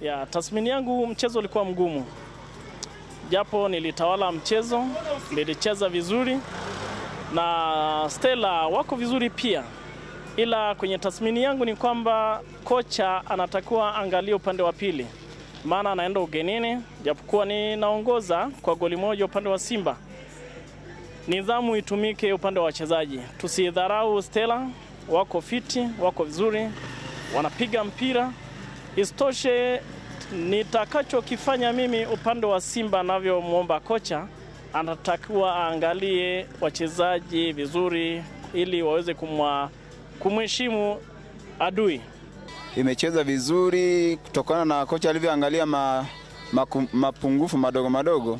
Ya tathmini yangu, mchezo ulikuwa mgumu, japo nilitawala mchezo, nilicheza vizuri na Stella wako vizuri pia, ila kwenye tathmini yangu ni kwamba kocha anatakiwa angalie upande wa pili, maana anaenda ugenini, japokuwa ninaongoza kwa goli moja upande wa Simba. Nidhamu itumike upande wa wachezaji, tusidharau Stella, wako fiti, wako vizuri, wanapiga mpira Isitoshe, nitakachokifanya mimi upande wa Simba, anavyomwomba kocha, anatakiwa aangalie wachezaji vizuri ili waweze kumheshimu adui. Imecheza vizuri kutokana na kocha alivyoangalia ma, ma, mapungufu madogo madogo.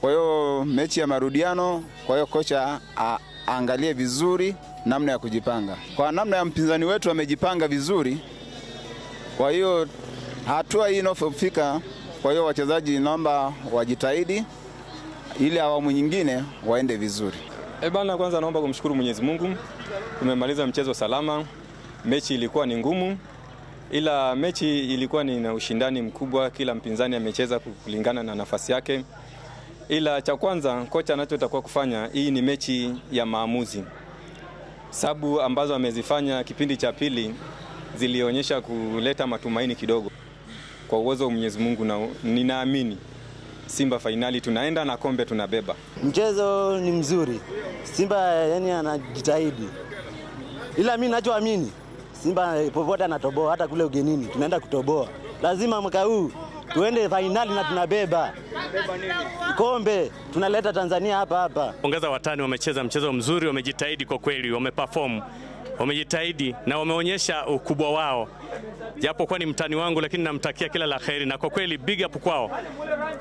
Kwa hiyo mechi ya marudiano, kwa hiyo kocha aangalie vizuri namna ya kujipanga. Kwa namna ya mpinzani wetu amejipanga vizuri kwa hiyo hatua hii inavyofika kwa hiyo wachezaji naomba wajitahidi ili awamu nyingine waende vizuri. E bana, kwanza naomba kumshukuru Mwenyezi Mungu, tumemaliza mchezo salama. Mechi ilikuwa ni ngumu, ila mechi ilikuwa ni na ushindani mkubwa, kila mpinzani amecheza kulingana na nafasi yake. Ila cha kwanza kocha anachotakiwa kufanya, hii ni mechi ya maamuzi. Sabu ambazo amezifanya kipindi cha pili zilionyesha kuleta matumaini kidogo kwa uwezo wa Mwenyezi Mungu, na ninaamini Simba fainali tunaenda na kombe tunabeba. Mchezo ni mzuri, Simba yani anajitahidi, ila mi nachoamini Simba popote anatoboa, hata kule ugenini tunaenda kutoboa. Lazima mwaka huu tuende fainali na tunabeba kombe, tunaleta Tanzania hapa hapa. Ongeza watani, wamecheza mchezo mzuri, wamejitahidi kwa kweli, wameperform wamejitahidi na wameonyesha ukubwa wao, japo kuwa ni mtani wangu, lakini namtakia kila la heri, na kwa kweli big up kwao,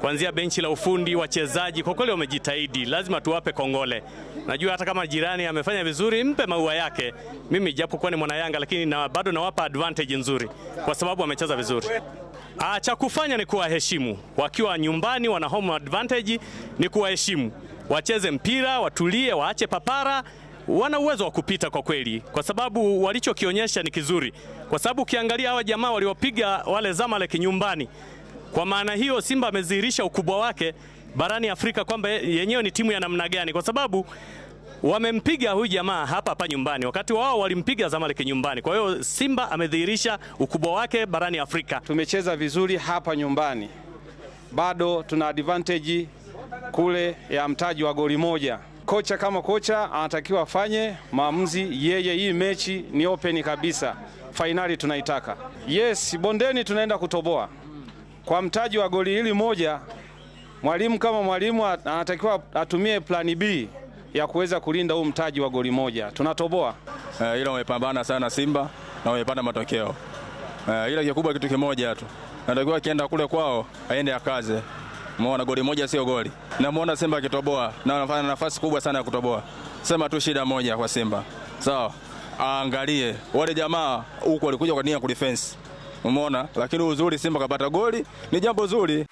kuanzia benchi la ufundi, wachezaji, kwa kweli wamejitahidi. Lazima tuwape kongole. Najua hata kama jirani amefanya vizuri, mpe maua yake. Mimi japo kuwa ni mwana Yanga, lakini na bado nawapa advantage nzuri kwa sababu wamecheza vizuri. Ah, cha kufanya ni kuwaheshimu. Wakiwa nyumbani wana home advantage, ni kuwaheshimu, wacheze mpira, watulie, waache papara wana uwezo wa kupita kwa kweli, kwa sababu walichokionyesha ni kizuri, kwa sababu ukiangalia hawa jamaa waliopiga wale Zamalek nyumbani. Kwa maana hiyo, Simba amedhihirisha ukubwa wake barani Afrika kwamba yenyewe ni timu ya namna gani, kwa sababu wamempiga huyu jamaa hapa hapa nyumbani, wakati wao walimpiga Zamalek nyumbani. Kwa hiyo Simba amedhihirisha ukubwa wake barani Afrika. Tumecheza vizuri hapa nyumbani, bado tuna advantage kule ya mtaji wa goli moja kocha kama kocha anatakiwa afanye maamuzi yeye. Hii mechi ni open kabisa, fainali tunaitaka. Yes, bondeni tunaenda kutoboa kwa mtaji wa goli hili moja. Mwalimu kama mwalimu anatakiwa atumie plani B ya kuweza kulinda huu mtaji wa goli moja. Tunatoboa Uh, eh, ila umepambana sana Simba na wamepata matokeo uh, eh, ila kikubwa kitu kimoja tu, anatakiwa akienda kule kwao aende akaze. Umeona goli moja sio goli. Namuona Simba akitoboa na anafanya nafasi kubwa sana ya kutoboa. Sema tu shida moja kwa Simba. Sawa. So, aangalie wale jamaa huko walikuja kwa nia ya kudefense. Umeona? Lakini uzuri Simba kapata goli ni jambo zuri.